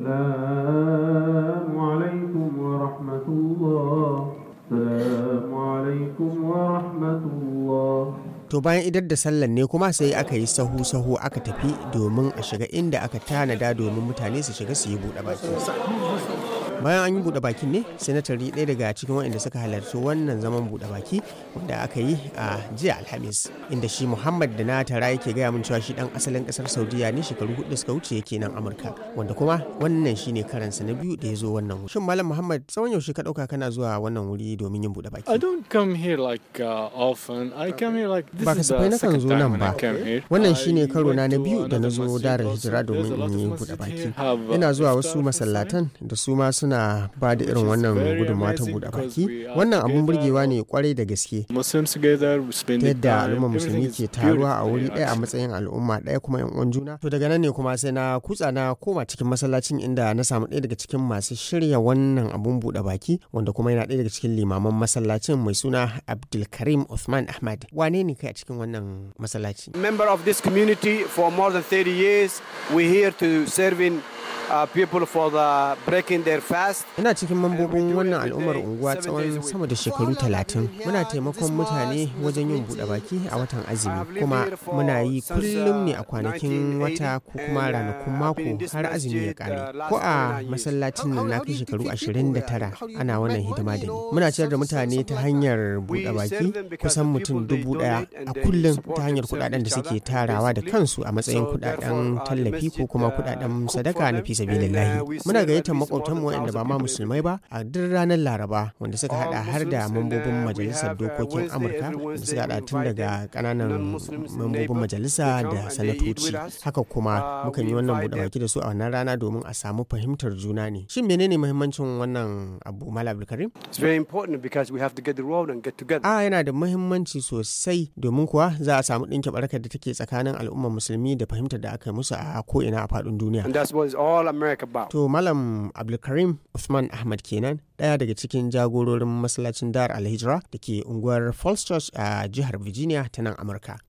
السلام عليكم ورحمة الله السلام عليكم ورحمة الله to bayan idar da sallar ne kuma sai aka yi sahu-sahu aka tafi domin a shiga inda aka tanada domin mutane su shiga su yi buɗe baki. bayan an yi buɗe baki ne sanatari ɗaya daga cikin waɗanda suka halarci wannan zaman buɗe baki wanda aka yi a jiya alhamis inda shi muhammad da na tara yake gaya mun cewa shi ɗan asalin ƙasar saudiya ne shekaru hudu suka wuce yake nan amurka wanda kuma wannan shi ne karansa na biyu da ya zo wannan wuri shin malam muhammad tsawon yaushe ka ɗauka kana zuwa wannan wuri domin yin buɗe baki i don't come uh, na kan zo nan ba wannan shine karo na na biyu da na zo darar hijira domin in yi buɗe baki uh, ina zuwa wasu masallatan da su ma sun suna ba da irin wannan gudunmawa ta buɗe baki wannan abun burgewa ne kwarai da gaske ta yadda al'umma musulmi ke taruwa a wuri daya a matsayin al'umma daya kuma yan uwan juna to daga nan ne kuma sai na kutsa na koma cikin masallacin inda na samu ɗaya daga cikin masu shirya wannan abun buɗe baki wanda kuma yana ɗaya daga cikin limaman masallacin mai suna Abdulkarim usman Ahmad wane ne kai a cikin wannan masallaci member of this community for more than 30 years we here to serving Uh, Ina cikin mambobin wannan al'ummar unguwa tsawon sama da shekaru talatin. Muna taimakon mutane wajen yin buɗe baki a watan azumi kuma muna yi kullum ne a uh, kwanakin wata ko kuma uh, ranakun mako har azumi ya kare Ko a masallacin nan na kai shekaru ashirin da tara ana wannan hidima da ni. Muna ciyar da mutane ta hanyar buɗe baki kusan mutum dubu ɗaya a kullum ta hanyar kuɗaɗen da suke tarawa da kansu a matsayin kuɗaɗen tallafi ko kuma kuɗaɗen sadaka na fisa. sabilillahi muna gayyatar makwabtanmu waɗanda ba ma musulmai ba a duk ranar laraba wanda suka hada har da uh, mambobin majalisar uh, dokokin amurka da suka hada tun daga kananan mambobin majalisa da sanatoci haka kuma uh, mukan yi wannan buɗe baki da su a wannan rana domin a samu fahimtar juna ne shin menene muhimmancin wannan abu malam abdulkarim a ah, yana da muhimmanci sosai domin kuwa za a samu ɗinke barkar da take tsakanin al'ummar musulmi da fahimtar da aka musu a ko ina a faɗin duniya America ba. To Malam Abdulkarim Usman Ahmad kenan daya daga cikin jagororin masallacin Dar hijra da ke unguwar Falls Church a jihar Virginia ta nan Amurka.